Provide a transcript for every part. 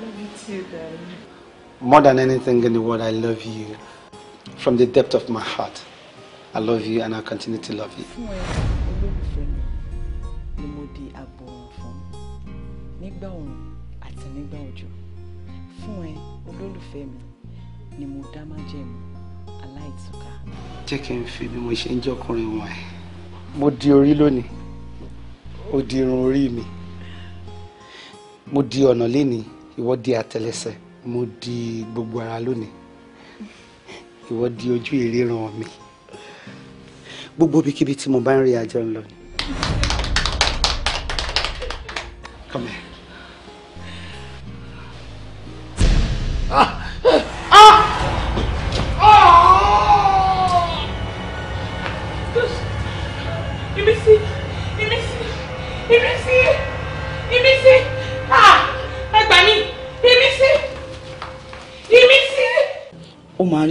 love you too, darling. More than anything in the world, I love you. From the depth of my heart, I love you and I'll continue to love you. Fún ẹ, olólùfẹ́ mi ni mo di àbòrò fún nígbà òòrùn àti nígbà ìwọ di àtẹ́lẹsẹ̀ mo di gbogbo ara lónìí ìwọ di ojú ìríran mi gbogbo ibikíbi tí mo bá ń rí ajọ ń lọ ni. Come here.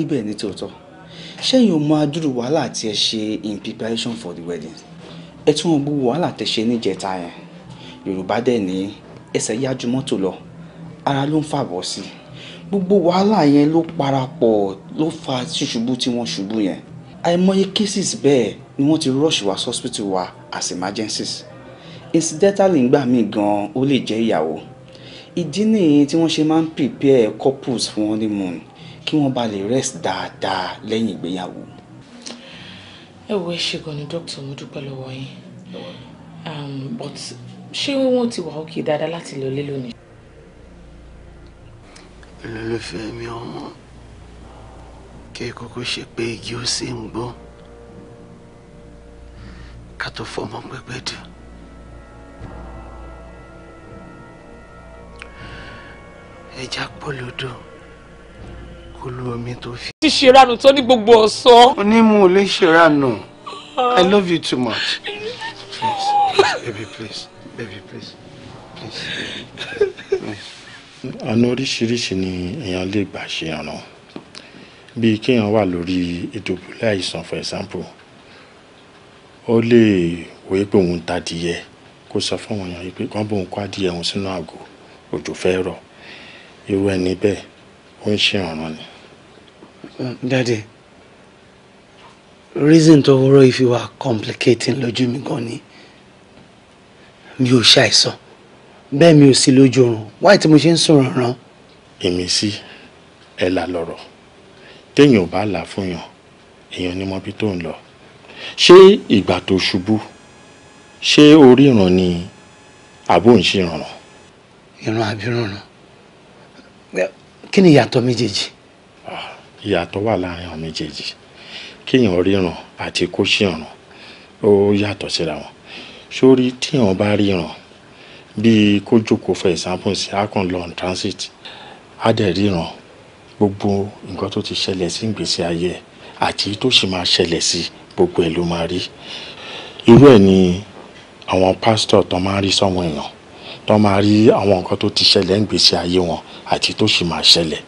bẹ́ẹ̀ ní tòótọ́ ṣẹ́yìn ò máa dúró wàhálà tí ẹ ṣe in preparation for the wedding ẹ tún wọn gbogbo wàhálà tẹ ṣe níjẹta yẹn yorùbá dẹ̀ ní ẹsẹ̀ yá ju mọ́tò lọ ara ló ń fàbọ̀ sí gbogbo wàhálà yẹn ló parapọ̀ ló fa ṣùṣubú tí wọ́n ṣubú yẹn àìmọye cases bẹ́ẹ̀ ni wọ́n ti rush wa hospital wa as emergencies incidentally ngbà míì gan-an ó lè jẹ́ ìyàwó ìdí nìyí tí wọ́n ṣe máa ń prepare couples fún honeymoon kí wọ́n bá lè rest dáadáa lẹ́yìn ìgbéyàwó. ẹ wo ẹ ṣe gan ni dókítà mo dúpẹ́ lọ́wọ́ yín um, but ṣé wọ́n ti wà òkè dáadáa láti lọ lé lónìí. olólùfẹ́ mi ọmọ kí ẹ kókó ṣe pé igi ó sì ń gbó ká tó fọmọ pẹpẹ dùn. ẹja pọ̀ lódò olúwa tó fi. ti ṣèrànù tó ní gbogbo ọ̀sán. mo ní lè ṣèrànù i love you too much please baby please baby please please. àna oríṣiríṣi ni èèyàn lè gbà ṣe ìrànà bíi kéèyàn wà lórí ìdòbúlẹ̀ àìsàn for example ó lè wòye pé òun ta adìyẹ kó sọ fún àwọn èèyàn pé kán bóun kó adìyẹ òun sínú àgò òjò fẹ́ rọ̀ irú ẹni bẹ́ẹ̀ ó ń ṣe ọ̀ràn ni. dadi reason to wúrọ̀ yìí fi wá complicating lójú mi gan ni mi ò ṣàìsàn bẹ́ẹ̀ mi ò sí lójú oorun wáyé tí mo ṣe ń sùn rànran. èmi sí ẹ là lọ́rọ̀ téèyàn ò bá là fún yàn èèyàn ní mọ́bí tó ń lọ ṣé ìgbà tó ṣubú ṣé orí ìran ni àbó ń ṣe ìrànràn. ìran àbí ìrànràn kí ni ìyàtọ̀ méjèèjì. Ah, ìyàtọ̀ wà láàrin àwọn méjèèjì kéèyàn ríran àti kó ṣìràn ó yàtọ̀ síra wọn sórí tíyàn bá ríran bíi kó for example sí akon lọ on transit á dẹ̀ ríran gbogbo nǹkan tó ti ṣẹlẹ̀ sí ìgbésí ayé ẹ̀ àti tó sì máa ṣẹlẹ̀ sí gbogbo ẹ̀ ló máa rí irú ẹ̀ ni àwọn pásítọ̀ tó máa rí sọ́wọ́n èèyàn tó máa rí àwọn nǹkan tó ti ṣẹlẹ̀ ń gbèsè ayé wọn àti tó sì máa ṣẹlẹ̀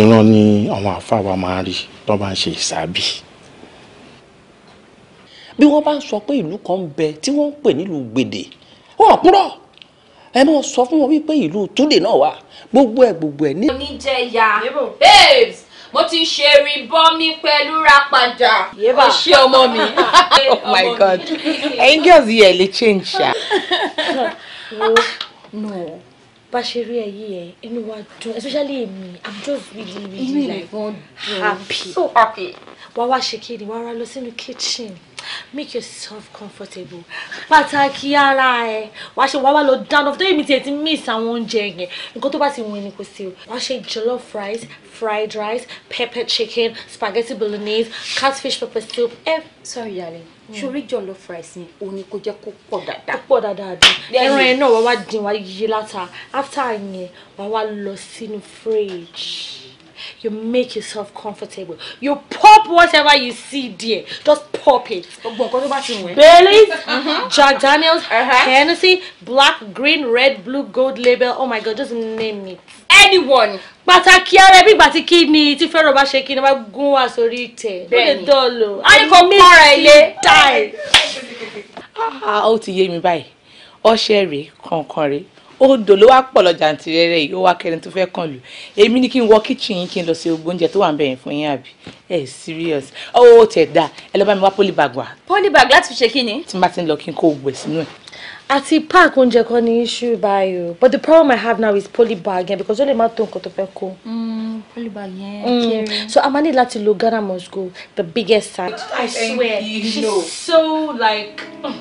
ìran ni àwọn àáfàá wa máa ń rí tó bá ń ṣe ìsábì. bí wọ́n bá ń sọ pé ìlú kan ń bẹ tí wọ́n ń pè nílùú gbèdè wọ́n kúrò ẹ máa sọ fún wọn wípé ìlú túndé náà wà gbogbo ẹ̀ gbogbo ẹ̀ ní. oníjẹ̀yà babes mo ti ṣe rí bọ́mí pẹ̀lú rapadà ó ṣe ọmọ mi. oh my god ẹ̀yin girls yìí ẹ lè change ṣá. no bá ṣe rí ẹyí ẹ inú wa dùn especially èmi i'm just really really like happy so happy wá wá ṣe kí ni wá wá lọ sínú kitchen make yourself comfortable pàtàkì ara ẹ wá ṣe wá wá lọ dáná tó yẹ mi tiẹ̀ ti miss àwọn oúnjẹ yẹn nǹkan tó bá ti wọ̀n ni kò sí o wá ṣe jollof rice fried rice pepper chicken spaghetti bolognese catfish pepper soup ẹ sorry darling sori hmm. jollof rice yẹn o ni kò jẹ́ kó pọ̀ dáadáa kó pọ̀ dáadáa dín ẹran ẹ náà wá wá dín wá yí láta after yẹn wá wá lọ sínú fridge you make yourself comfortable you pop whatever you see there just pop it. gbogbo nǹkan Baileys mm-hmm. Jack Daniels uh-huh. Hennessy black green red blue gold label oh my god just name it. anyone. But I care. ìgbà tí kí to tí fẹ́ràn bá ṣe kí ni bá gún wá sórí ìtẹ̀. bẹ́ẹ̀ni ó lè dọ́ọ̀lù. a ní kò mọ́ra ilé. Ah, ah, ó ti yé mi báyìí ọṣẹ rèé kọ̀ọ̀kan rèé odò ló wá pọ̀ lọ́jà àǹtí rẹ̀ yìí ó wá kẹrin tó fẹ́ kàn lù èmi ní kí n wọ kíchìn yín kí n lọ sí gbogbo oúnjẹ tó wà ń bẹ̀ fún yín àbí ẹ serious ó tẹ̀ dá ẹ lọ bá mi wá polybag wá. polybag láti ṣe kí ni. tí n bá ti ń lọ kí n kó gbẹ̀ sínú ẹ̀. àti park oúnjẹ kan ní issue báyìí but the problem I have now is polybag yẹn because ó lè má tó nǹkan tó fẹ́ kó. Mm, polybag yẹn mm. kiri. so a máa ní láti lo Ghana must go the biggest side. I swear she's so like. Oh.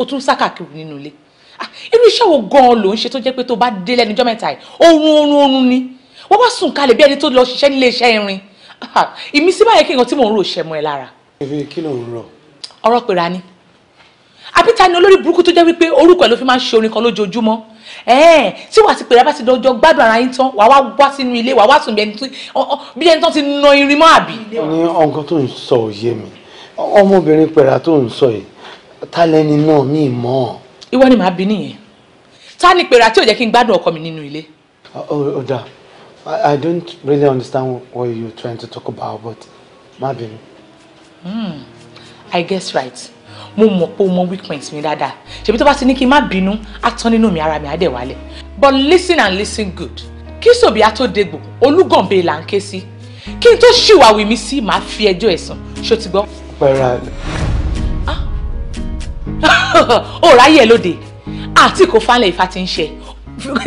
o tún sá káàkiri nínú ilé ah, irú iṣẹ́ wo gan-an ló ń ṣe tó jẹ́ pé tó bá dé lẹ́nu ọjọ́ mẹ́ta yìí oorun oorun oorun ni wọ́n bá sùn kalẹ̀ bí ẹni tó lọ ṣiṣẹ́ nílé iṣẹ́ irin ah, ìmísí báyẹn kí nǹkan tí mò ń rò ṣẹ mọ́ ẹ lára. ebi kí ló ń rọ. ọ̀rọ̀ pèrà ni àbí ta ni olórí burúkú tó jẹ́ wípé orúkọ ẹ̀ ló fi máa ń ṣe orin kan lójoojúmọ́ ẹ̀ẹ́n tí wàá ti pèrè bá ti dọjọ́ gbádùn ara yín tán wàá wá wá sínú ilé wàá wá sùn bí ẹni tán ti na irin mọ́ àbí. ní ọ̀gán tó ń sọ òye mi ọmọbìnrin pèrà tó ń sọ yìí ta lẹni náà mi mọ̀. ìwọ ni màá bí nìyẹn ta ni pèrè àti ó kí n gbádùn ọkọ mi nínú ilé. ọ̀dà I don't really understand what you're trying to talk about but má bínú. Mm, I guess right mo mọ̀ pé o mọ weak points mi dáadáa ṣèbí tó bá ti ní kí n má bínú á tán nínú mi ara mi á dẹ̀ wálẹ̀ but listen and listen good kí sòbí á tó dégbò olúgànbẹ là ń ké sí kí n tó ṣìwàwì mi sí màá fi ẹjọ́ ẹ̀sùn ṣó ti gbọ́. pẹ̀lú ó ráyè lóde àti kò falẹ̀ ìfà ti ń ṣe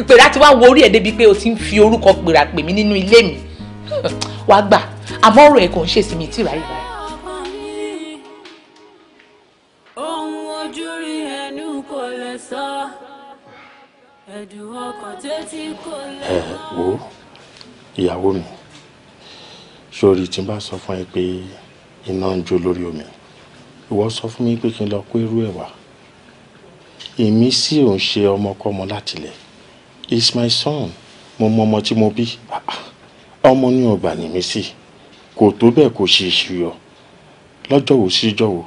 pèrà tí wàá wo orí ẹ̀ débi pé o ti ń fi orúkọ pèrà pè mí nínú ilé mi wàá gbà àmọ́ ọ̀rọ̀ ẹ̀ kò ń ṣe sí mi tí ráyè ráyè. ohun ẹ wo ìyàwó mi sórí tí n bá sọ fún ẹ pé iná ń jó lórí omi ìwọ sọ fún mi pé kí n lọ kó irú ẹ̀ wá èmi sì ò ń ṣe ọmọkọ́mọ látilẹ̀ it's my son mo mọ ọmọ tí mo bí ọmọ ní ọgbà ní mi sí kò tó bẹ́ẹ̀ kò ṣe ìṣúyọ lọ́jọ́ wo sí ìjọ́ wo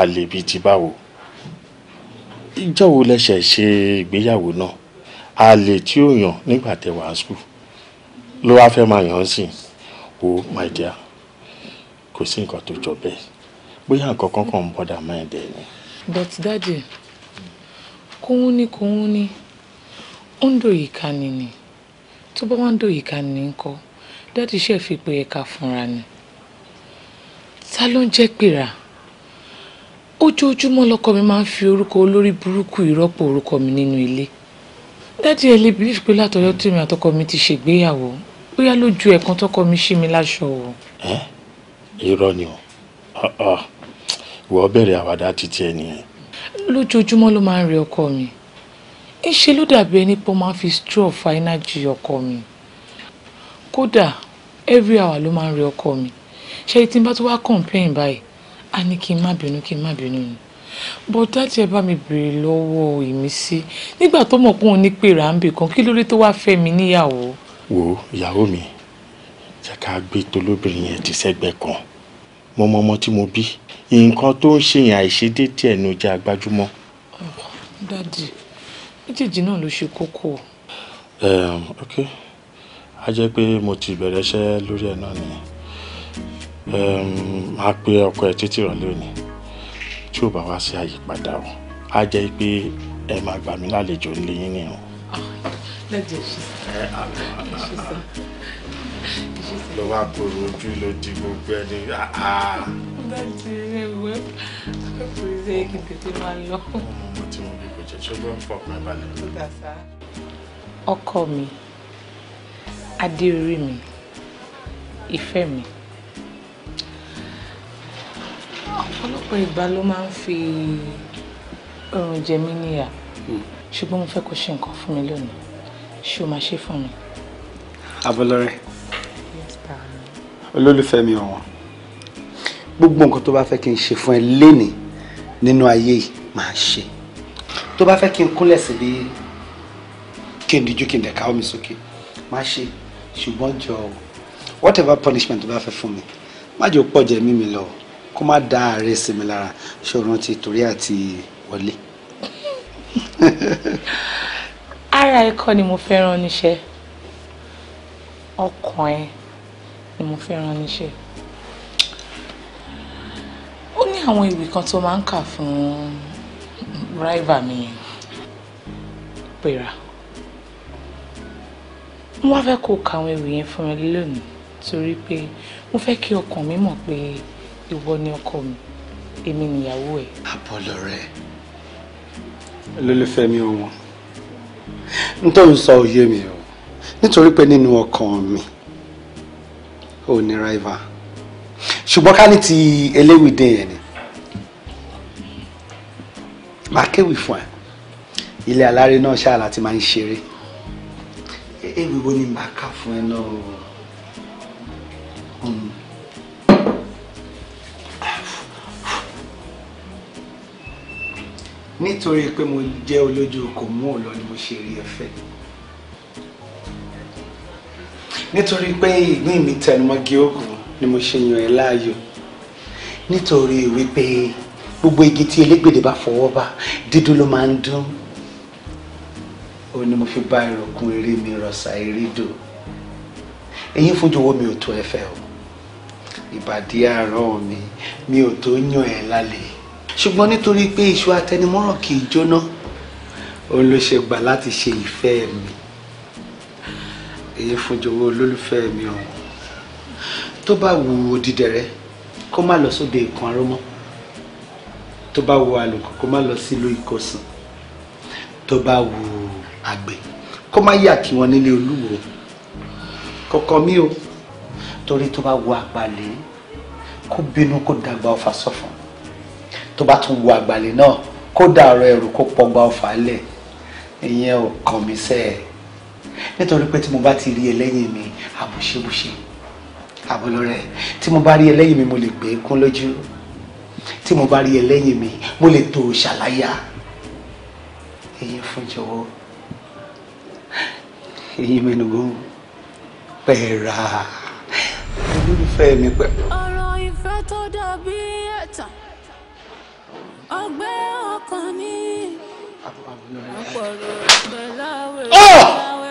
àlèbí ti báwo ìjọ́ wo lẹ́sẹ̀ ṣe ìgbéyàwó náà àlè tí ó yàn nígbà tẹ́ wàá ló wá fẹ́ máa yàn án sìn o oh, my dear kò sí nǹkan tó jọ bẹ́ẹ̀ bóyá nǹkan kan kàn ń bọ́dà mind ẹ̀ ni. but daddy kóhún ní kóhún ní ó ń dòyìí ká ni ni tó bá wá ń dòyìí ká ni ńkọ́ dáàdì ṣe fi pé ẹ̀ka fúnra ni ta ló ń jẹ́ pèrà ojoojúmọ́ lọ́kọ mi máa ń fi orúkọ olórí burúkú ìrọ́pò orúkọ mi nínú ilé dáàdì ẹ̀ lè bílíf pé látọjọ́ tí mi àtọkọ mi ti ṣègbéyàwó bóyá lójú ẹ̀kan tọkọ mi ṣí mi láṣọ o. ẹ irọ́ ni o. Ah, ah wọ́n bẹ̀rẹ̀ àwàdà títí ẹ nìyẹn. lójoojúmọ́ ló máa ń rí ọkọ mi ńṣe ló dàbí ẹni pé ó máa ń fi straw fa energy ọkọ mi kódà every hour ló máa ń rí ọkọ mi ṣe tí n bá tó wá complain báyìí a ní kí n má bínú kí n má bínú ni bọ́dá tí ẹ bá mi béèrè lọ́wọ́ ìmísí nígbà tó mọ̀ pé òun ní pé ráńbì kan kí lórí tó wá fẹ́ mi níyàwó. wo ìyàwó mi jẹ́ ká gbé tolóbìnrin yẹn ti sẹ́gbẹ̀ẹ́ kan mo mọ ọmọ tí mo bí nǹkan tó ń ṣèyàn àìṣedéédé ẹnu jẹ́ agbájúmọ́. dadi méjèèjì náà ló ṣe kókó. Ehm, ok a jẹ́ pé mo ti bẹ̀rẹ̀ iṣẹ́ lórí ẹ̀ náà nìyẹn ehm, máa pe ọkọ ẹ̀ títí ìrọ̀lẹ́ òní tí ò bá wá sí àyípadà o a jẹ́ pé ẹ máa gbà mí lálejò ńlẹ́yìn nìyẹn. Ah, dadi ṣe sá ló wá borò ojú ló di gbogbo ẹni. bẹ́ẹ̀ ti rí ìwé kò ṣe é kí tètè máa lọ. mo ti mú bí kò jẹ́ ṣùgbọ́n fọkàn balẹ̀. ọkọ mi adé orí mi ìfẹ́ mi ọ̀pọ̀lọpọ̀ ìgbà ló máa ń fi ọrùn jẹ mí níyà hmm. ṣùgbọ́n mo fẹ́ kó ṣe nǹkan fún mi lónìí ṣé o máa ṣe fún mi. Abọ́lọ́rẹ́ olólùfẹ́ mi ọ̀wọ́n gbogbo nǹkan tó bá fẹ́ kí n ṣe fún ẹ lénìí nínú ayé yìí máa ṣe tó bá fẹ́ kí n kúnlẹ̀ síbi kí n díjú kí n dẹ̀ káwọ́ mi sókè máa ṣe ṣùgbọ́n jọ whatever punishment tó bá fẹ́ fún mi má jò pọ̀ jẹ́ mímí lọ kó má dá ààrẹ sí mi lára ṣòro ti torí àti wọlé. ara ẹ kọ́ ni mo fẹ́ràn níṣẹ́ ọkàn ẹ ni mo fẹ́ràn níṣẹ́ ó ní àwọn ìwé kan tó máa ń kà fún rival mi yẹn pera mo wá fẹ́ kó ka àwọn ìwé yẹn fún mi lónìí torí pé mo fẹ́ kí ọkàn mi mọ̀ pé ìwọ ni ọkọ mi èmi nìyàwó ẹ̀. àbọ̀lọ rẹ olólùfẹ́ mi ò wọ́n n tó ń sọ òye mi o nítorí pé nínú ọkàn mi ò ní rival ṣùgbọ́n ká ní ti eléwìdé yẹn ni máa kéwì fún ẹ ilé aláré náà ṣáà láti máa ń ṣeré e, ewì wo ni màá kà fún ẹ náà hmm. nítorí pé mo jẹ́ olójú okòó mú ọ lọ ni mo ṣe rí ẹ fẹ́ nítorí pé ìgbín mi tẹnumọ́ gíógù ni mo ṣe yan ẹ láàyò nítorí wípé gbogbo igi tí elégbèdè bá fọwọ́ bá dídùn ló máa ń dún ó ní mo fi bá ìrọ̀kùn eré mi rọ̀ṣà erédò èyí fojú wo mi ò tó ẹfẹ o ìbàdí àárọ̀ mi mi ò tó yàn ẹ́ lálẹ́ ṣùgbọ́n nítorí pé iṣu atẹnimọ́ràn kì í jóná òun ló ṣe gbà láti ṣe ìfẹ́ mi èyí fún jọ̀wọ́ olólùfẹ́ mi ọ̀hún tó bá wu odidẹrẹ kó má lọ sóde ìkan aró mọ́ tó bá wu àlùkò kó má lọ sílùú ìkọsùn tó bá wu àgbẹ̀ kó má yà kí wọn nílé olúwo kọ̀ọ̀kan mi o torí tó bá wu àgbàlẹ̀ kó bínú kó dàgbà ọfà sọ̀fọ̀ tó bá tún wu àgbàlẹ̀ náà kó dàrọ ẹrù kó pọgba ọfà lẹ̀ ìyẹn ò kàn mí sẹ́ẹ̀ nítorí pé tí mo bá ti rí ẹ mi àbòṣebòṣe àbọ̀lọ́rẹ́ tí mo bá rí ẹ mi mo lè gbé kún lójú tí mo bá rí ẹ mi mo lè tó ṣàlàyà èyí fún jọ̀wọ́ èyí mẹ́nugbó pẹ̀ra olólùfẹ́ mi pẹ̀. ọ̀rọ̀ ìfẹ́ tó dàbí ẹ̀tàn ọgbẹ́ ọkàn ní àpọ̀rọ̀ láwẹ̀ oh! láwẹ̀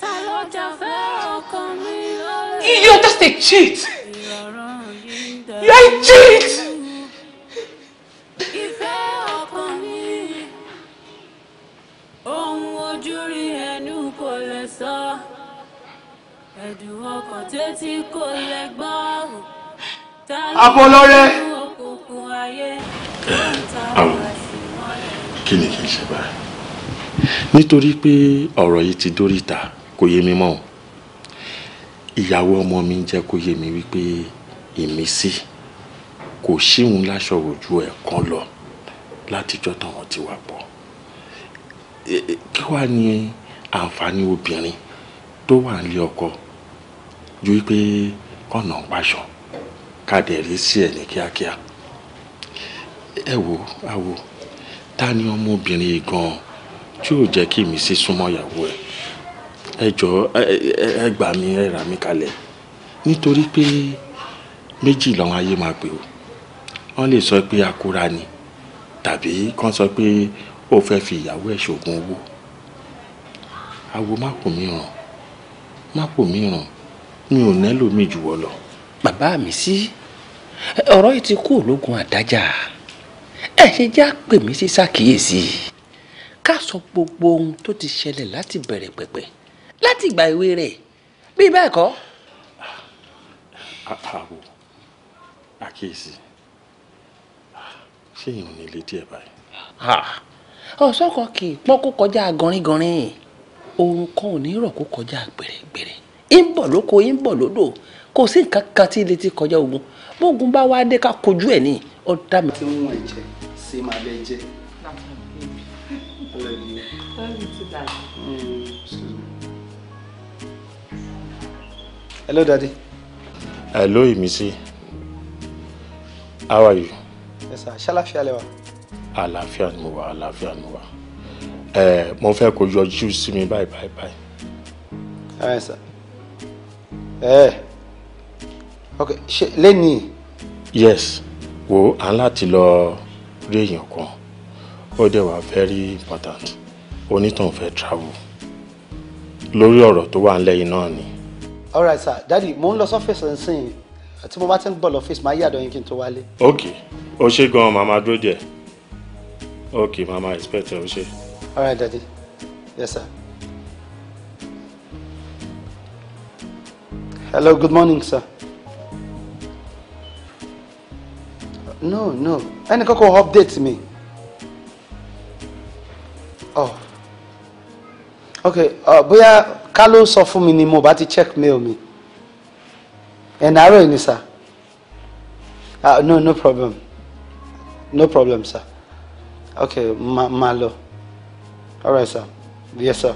ta ló You're just a cheat. You're a cheat. Ìfẹ́ ọkàn mi, ohun ojú rí ẹnu Àwọn kí ni kí n ṣe báyìí? Nítorí pé ọ̀rọ̀ yìí ti dóríta kò yé mi mọ́ o ìyàwó ọmọ mi ń jẹ́ kó yé mi wípé ìmísí kò síhun láṣọ ojú ẹ̀ kan lọ látijọ́ táwọn ti wà pọ̀ e, e, kí wàá ní àǹfààní obìnrin tó wà nílé ọkọ ju wípé kọ̀nà ń paṣọ kàdẹ̀rí sí ẹ̀ ní kíákíá ẹ wo awo ta ni ọmọbìnrin gan-an tí yóò jẹ́ kí ìmísí súnmọ́ ìyàwó ẹ̀ ẹ jọ ẹ gbà mí ẹ rà mí kalẹ̀ nítorí pé méjì làwọn ayé máa pè ó wọ́n lè sọ pé akura ni tàbí kán sọ pé ó fẹ́ fi ìyàwó ẹ̀ ṣoògùn owó àwo má kò mí ràn má kò mí ràn mi ò nẹ́lò mi jù wọ́ lọ. bàbá mi sí ọ̀rọ̀ yìí ti kú ológun àdájà ẹ ṣe já pè mí sí ṣàkíyèsí ká sọ gbogbo ohun tó ti ṣẹlẹ̀ láti bẹ̀rẹ̀ pẹ̀pẹ̀ láti ìgbà ìwé rẹ̀ bí bẹ́ẹ̀ kọ́. àbò àkíyèsí ṣé èèyàn ò ní ilé díẹ̀ báyìí. ọ̀sán kan kì í pọ́n kó kọjá gọ̀rìngọ̀rìn oorun kan ò ní rọ̀ kó kọjá gbèrègbèrè ń bọ̀ lóko ń bọ̀ lódò kò sí nǹkan kan tí ilé ti kọjá ogun bógun bá wá dé ká kojú ẹ̀ ní ọ̀dà mi. tí wọ́n ẹ̀ jẹ́ ṣé máa bẹ jẹ́. láti ọ̀gbìn. Hello, Daddy. Hello, Imisi. How are you? Yes, sir. Ṣàlàáfíà lẹ wà? Àlàáfíà ni mo wà, àlàáfíà ni mo wà. Ẹ eh, mo fẹ́ kó yọjú sí mi bye bye bye. All right, sir. Eh? ok ṣe lẹ́nìí. Yes, wo à ń láti lọ rí èèyàn kan. Ó dẹ̀ very important. Onítàn fẹ́ travel. Lórí ọ̀rọ̀ tó wà ńlẹ̀ yìí náà ni all right sir Daddy, mo ń lọ sọ́fíìsì nsìn tí mo bá ti ń bọ̀ lọ́fíìsì máa yàdọ̀ yín kí n tó wálé. ok o ṣe gan-an màmá dúró díẹ̀ ok màmá expect o ṣe. all right dadi yes sir. hello good morning sir. no no ẹnì kan kò update mi. oh Okay. uh, bóyá ká ló sọ fún mi ni mo bá ti check mail mi ẹ̀nàárọ̀ ni sir ah no no problem no problem sir okay ma ma lọ alright sir yes sir.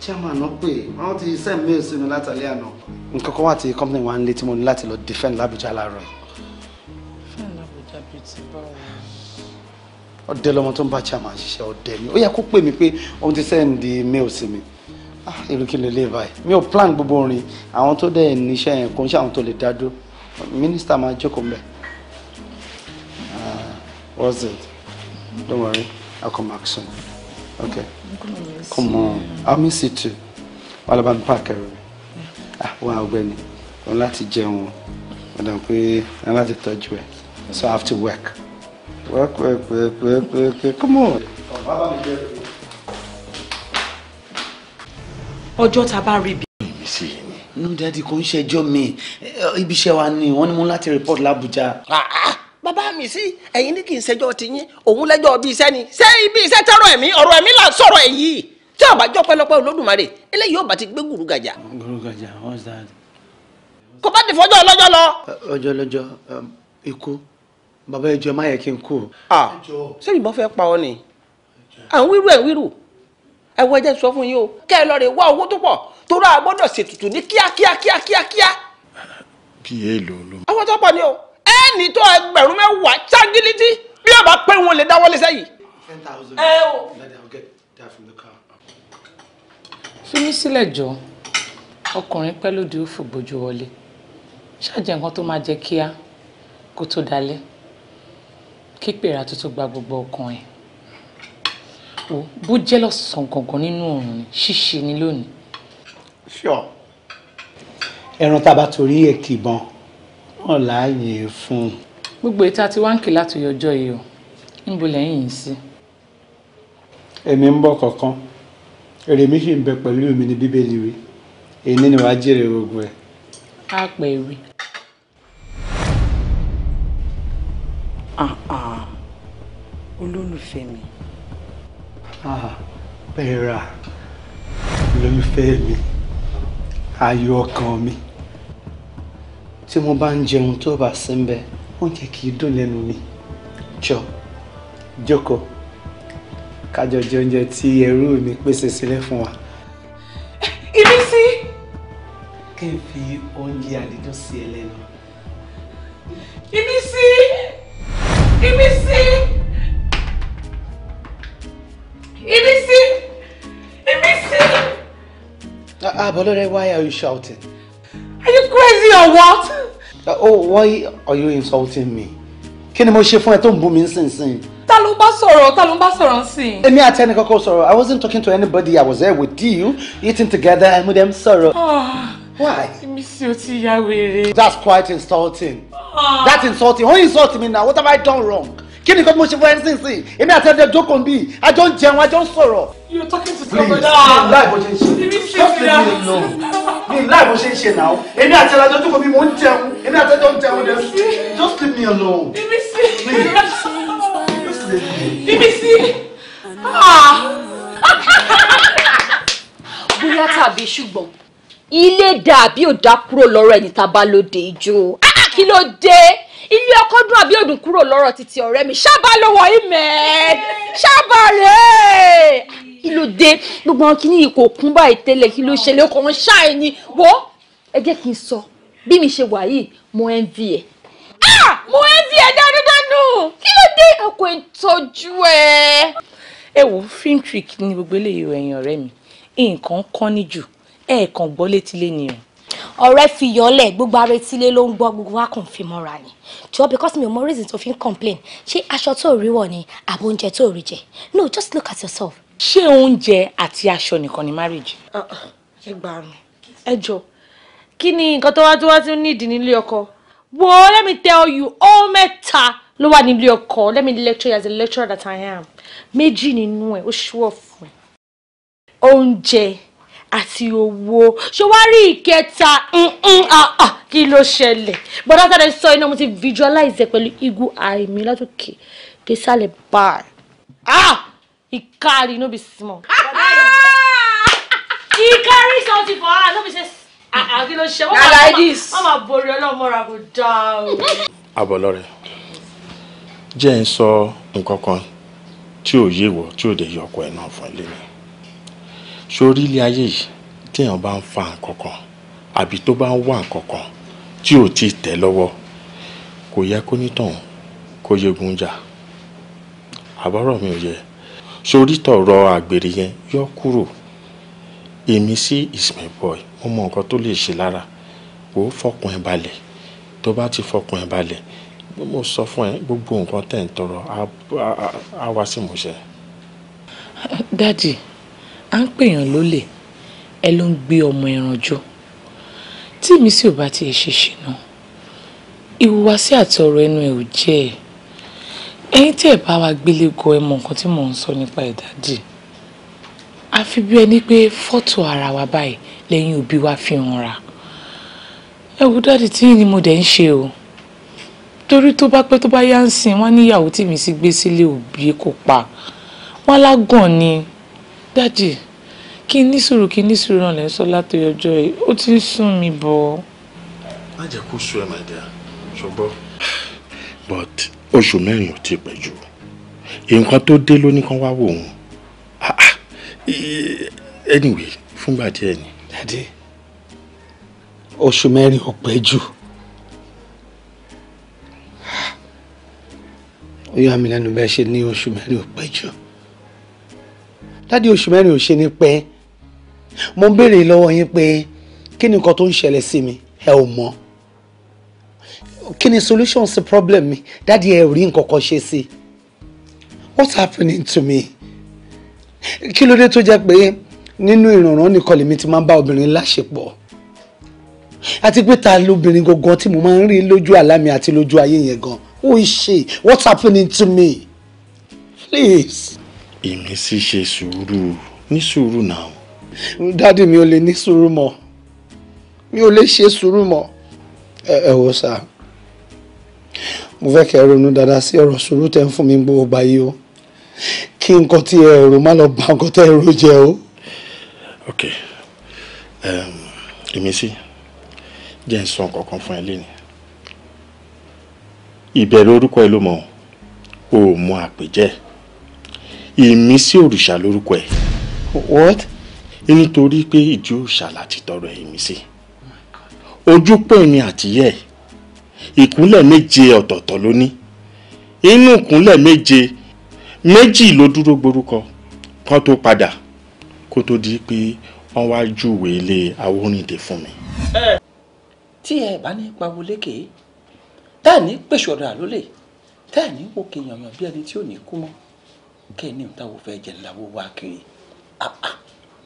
chairman náà pè wọn ti send mail sí mi látàlẹ́ àná. nǹkan kan wà tí company wa ń lé tí mo ní láti lọ defend l'Abuja láàárọ̀. defend l'Abuja bíi ti báwo ọdẹ lọmọ tó ń bá chama ṣiṣẹ́ ọdẹ ni ó yẹ kó pè mí pé òun ti sẹ́ndì mail sí mi ah, irú kí ni lè báyìí mi ò plan gbogbo orin àwọn tó dẹ̀ níṣẹ́ yẹn kò ń ṣe àwọn tó lè dá mínísítà máa jókòó mbẹ́ ah, what's it don't worry I'll come back soon okay come on I'll miss you too wàá lọ́ba mi páàkì ẹ̀rọ mi ah, wọ́n àgbẹ̀ni òun láti jẹun ọ̀dà pé òun láti tọ́jú ẹ̀ so I have to work. Work, work, work, work, work. Come on. Ọjọ́ ta bá rí bí. No daddy kò ń ṣẹjọ́ mi. Ibi iṣẹ́ wa ni wọ́n ní mo láti report l'Abuja. Ah, ah. Bàbá mi sí ẹ̀yin ní kì í ṣẹjọ́ tiyín òun lẹ́jọ́ bí iṣẹ́ ni. Ṣé ibi iṣẹ́ tẹ́rọ ẹ̀mí ọ̀rọ̀ ẹ̀mí là ń sọ̀rọ̀ èyí? Tí ọ̀bá jọ́ pẹ́lọpẹ́ Olódùmarè eléyìí ò bá ti gbé gùrú gàjà. Gùrú gàjà what's that? Kò bá ti fọjọ́ ọlọ́jọ́ lọ. Ọjọ́ lọ́jọ́ um, ikú bàbá ẹjọ má yẹ kí n kú. sẹ́yìn bọ́ fẹ́ pa ọ ni à ń wíru ẹ̀ wíru ẹ wọ ẹjẹ sọ fún yín o kẹ́ ẹ lọ rè wá owó tó pọ̀ torí a gbọ́dọ̀ ṣètùtù ní kíákíá kíákíá kíá. bí èèlò ló. owó tó pọ̀ ni o ẹni tó ẹgbẹ̀rún mẹ́wàá ṣáńgìlìtì bí a bá pé wọn lè dáwọ́lé sẹ́yìn. ten thousand. ẹ o. fi mí sílẹ̀ jọ ọkùnrin pẹ́ lóde ó fògbójú wọlé ṣáà jẹ́ nǹkan tó máa jẹ́ kíá kó tó dalẹ́ kípèrà tuntun gba gbogbo ọkàn ẹ̀ o bó jẹ́ lọ́sàn gangan nínú ọ̀run ni ṣíṣe ni lónìí. sure ẹran tá a bá torí ẹ̀ kìbọn wọn láàyè fún un. gbogbo ìta tí wàá ń kì látòyè ọjọ́ yìí o níbo lẹ́yìn yìí sí. èmi ń bọ̀ kọ̀ọ̀kan èrè mi sì ń bẹ pẹ̀lú mi ní bíbélì wí èyí ni wàá jèrè gbogbo ẹ̀. a pè é Ah, ah. olólùfẹ́ mi. Ah, bẹ́ẹ̀ra olólùfẹ́ mi ayọ̀ ọkàn mi tí mo bá ń jẹun tó bá sí ń bẹ oúnjẹ kì í dùn lẹ́nu mi jọ jókòó kájọ jẹ oúnjẹ tí ẹrú mi pèsè sílẹ̀ fún wa. ibi sí. kí n fi oúnjẹ àdídùn sí ẹ lẹ́nu. Ìmísí! Ìmísí! Ìmísí! Ah, Bolore, why are you shouting? Are you crazy or what? Uh, oh, why are you insulting me? Can ni mo ṣe fún ẹ tó ń bú mi nísinsìnyí? Ta ló bá sọ̀rọ̀? Ta ló bá sọ̀rọ̀ nsìn? I wasn't talking to anybody. I was there with you, eating together, and with them sorrow. Oh. Ah. Why? That's quite insulting. Oh. That's insulting. Who insult me now. What have I done wrong? Kí ni nǹkan mo ṣe fún anything? sínsìn? Èmi àti ẹ̀dẹ̀ jókòó bíi, a jọ ń jẹun, a jọ ń sọ̀rọ̀. You're talking to somebody. Please, mi láì bó ṣe ń ṣe. Just let me alone. me Mi láì bó ṣe ń ṣe now. Èmi àti ẹ̀dẹ̀ jókòó bíi, mò ń jẹun. Èmi àti ẹ̀dẹ̀ ń jẹun dẹ̀. Just leave me alone. Timisi. Please. Just leave me. Timisi. Ah. Bóyá tàbí ṣùgbọ́n ilé dà àbí ò dá kúrò lọ́rọ̀ ẹni tá a bá lóde ijó ah, ah, kí ló dé ilé ọkọ dùn àbí òdùn kúrò lọ́rọ̀ títí ọ̀rẹ́ mi ṣáàbà ló wọ ìmẹ̀ ṣáàbà rẹ̀ kí ló dé gbogbo àwọn kìíní kò kún báyìí tẹ́lẹ̀ kí ló ṣẹlẹ̀ ọkọ̀ wọn ṣáà ni wo ẹ jẹ́ kí n sọ bí mi ṣe wà yìí mo ẹ́ ń vi ẹ̀ mo ẹ́ ń vi ẹ̀ dánúdánú kí ló dé àkó ìtọ́jú ẹ̀. ẹ wo film trick ni gbogbo eléyìí ẹ̀yin ọ̀rẹ́ mi nǹkan kọ́ jù ẹ̀ẹ̀kan gbọ́ létílé ni o. ọ̀rẹ́ fi yọlẹ̀ gbogbo ara etílé ló ń gbọ́ gbogbo wa kàn fi mọ́ra ni jọ because mi ò mọ reason tó fi ń complain ṣé aṣọ tó rí wọ̀ ni àbò oúnjẹ tó rí jẹ no just look at yourself. ṣé oúnjẹ àti aṣọ nìkan ni marriage. Ah, ẹ gbàrún ẹ jọ kí ni nǹkan tó wá tó wá tó nídìí nílé ọkọ wo let me tell you ó mẹ́ta ló wà nílé ọkọ let me lecture you as a lecturer that I am méjì nínú ẹ̀ ó ṣúwọ̀ fún ẹ oúnjẹ àti owó ṣé wàá rí ìkẹta ah, ah, kí ló ṣẹlẹ̀ bọ́dá tàdé sọ iná mo ti visualize pẹ̀lú igu àìmí látòkè dé sálẹ̀ báyìí ah ìkárì no be small. ìkárì something for her no be say ah, kí ló ṣe wọ́n máa borí ọlọ́mọra kò dáa o. àbọ̀lọ́rẹ̀ jẹ́ ń sọ nǹkan kan tí ò yé wọ tí ò dé yọ ọkọ ẹ̀ náà fún ilé mi sórí ilé ayé yìí téèyàn bá ń fa nǹkan kan àbí tó bá ń wá nǹkan kan tí ò ti tẹ̀ lọ́wọ́ kò yẹ kó nítàn kó yegun jà àbọ̀rọ̀ mi ò yẹ sórí tọ̀rọ̀ àgbèrè yẹn yọ kúrò èmi sí is my boy mo mọ nǹkan tó lè ṣe lára kò fọkàn ẹ balẹ̀ tó bá ti fọkàn ẹ balẹ̀ mo sọ fún ẹ gbogbo nǹkan tẹ̀ ń tọrọ á wá sí ìmúṣẹ. dádì à ń pèèyàn lólè ẹ ló ń gbé ọmọ ẹran jọ tí mi sì ò bá tiẹ̀ ṣe ṣìnà ìhùwàsí àti ọ̀rọ̀ ẹnu ẹ̀ ò jẹ́ ẹ̀ ẹ̀yin tí ẹ̀ bá wa gbélé gan ẹ nǹkan tí mò ń sọ nípa ìdádì àfi bí ẹni pé fọ́tò ara wa báyìí lẹ́yìn òbí wa fi hàn ra ẹ wo dáàdì tí ni mo dẹ̀ ń ṣe o torí tó bá pẹ́ tó bá yá ń sìn wọ́n níyàwó tí mi sì gbé sílé òbí kò pa wọ́n lágàn ni dáàdì kí n ní sùúrù kí n ní sùúrù náà lẹ́ ń sọ láti ọjọ́ yìí ó ti ń sún mi bọ̀. má jẹ́ kó sún ẹ màdìá ṣùgbọ́n. but oṣù mẹ́rin ò ti pẹ́ jù nǹkan tó dé ló ní kán wá wò wọ́n ah, ah. anyway fúngbà díẹ̀ ni. dáàdì oṣù mẹ́rin ò pẹ́ jù. Ah. ó yà mí lẹ́nu bẹ́ẹ̀ ṣe ní oṣù mẹ́rin ò pẹ́ jù dádì oṣù mẹ́rin ò ṣe ni pé mo ń béèrè lọ́wọ́ yín pé kí ni nǹkan tó ń ṣẹlẹ̀ sí mi ẹ ò mọ̀ kí ni solution sí problem mi dádì ẹ ò rí nǹkan kan ṣe sí what's happening to me kí ló dé tó jẹ́ pé nínú ìrànràn nìkan lèmi ti máa ń bá obìnrin láṣepọ̀ àti pé ta lóbìnrin gangan tí mo máa ń rí lójú àlá àti lójú ayé yẹn gan ó ṣe what's happening to me please ìmísí ṣe sùúrù ní sùúrù náà. dádì mi ò lè ní sùúrù mọ́ mi ò lè ṣe sùúrù mọ́ ẹ wò sá mo fẹ́ kẹ́ ronú dáadáa sí ọ̀rọ̀ sùúrù tẹ́ ń fún mi gbogbo báyìí o kí nǹkan tí ẹ rò má lọ bà nǹkan tẹ́ ẹ rò jẹ́ o. ok ìmísí jẹ́ ń sọ nǹkan fún ẹ lẹ́nu ìbẹ̀rù orúkọ ẹ ló mọ̀ o ò àpèjẹ́ ìmísí òrìṣà lórúkọ ẹ̀. what. nítorí pé ìdí òrìṣà láti tọrọ ìmísí ojú pẹ̀ ni àtìyẹ́ ẹ̀ ìkúnlẹ̀ méje ọ̀tọ̀ọ̀tọ̀ ló ní inú ìkúnlẹ̀ méje méjì ló dúró gborúkọ kan tó padà kó tó di pé wọ́n wá júwe ilé awórìndè fún mi. tí ẹ bá ní pawó lékè tá à ní pèsè ọ̀dà lólè tá à ní wò kéèyàn bí ẹni tí ò ní kú mọ́ kẹ́ni táwọn fẹ́ jẹ ńláwó wá kiri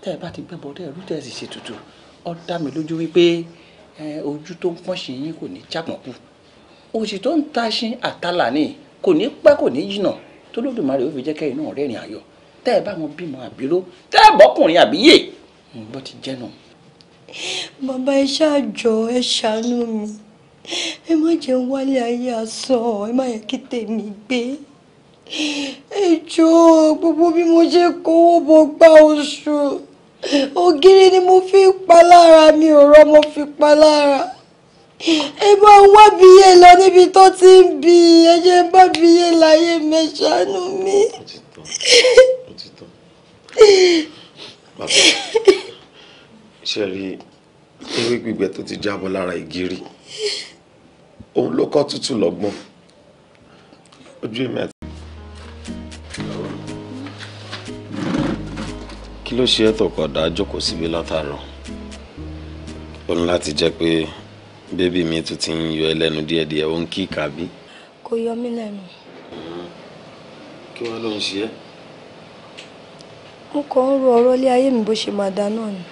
tẹ́ ẹ bá ti gbẹ́bọ tẹ́ ẹ rú tẹ́ ẹ sì ṣe tutù ó dá mi lójú wípé ojú tó ń pọ́nṣin yín kò ní jápọ̀nkú òsì tó ń taṣin àtàlà ni kò ní pẹ́ kò ní jìnà tó lódùmarè ó fi jẹ́ kẹ́yìn náà rẹ́rìn ayọ̀ tẹ́ ẹ bá wọn bímọ àbíró tẹ́ ẹ bọ́kùnrin àbíyè ǹgbọ́ ti jẹ́ nù. bàbá ẹ ṣáàjọ ẹ ṣàánú mi ẹ má jẹ́ wálé ayé asán ẹ má yẹ kí tèmi gbé ìjọ gbogbo bí mo ṣe kówó bọ̀ gba oṣù ògiri ni mo fi pa lára mi ò rọ́ mo fi pa lára ẹ bá ń wá bíyè lọ níbi tó ti ń bi ẹ jẹ́ ń bá bíyè láyé mẹ́ṣánú mi. bàbá ṣe rí ewé gbígbẹ tó ti jábọ́ lára ìgiri òun ló kọ́ tútù lọ́gbọ́n ojú èmi kí ló ṣe ẹ̀tọ́ padà jókòó síbi látàárọ̀ ó ní láti jẹ́ pé bébí mi tún ti ń yọ ẹ lẹ́nu díẹ̀díẹ̀ ó ń kí kàbí. kò yọ mí lẹ́nu. kí wàá ló ń ṣe ẹ́. mo kàn ń ro ọ̀rọ̀ ilé ayé mi bó ṣe máa dáná ni.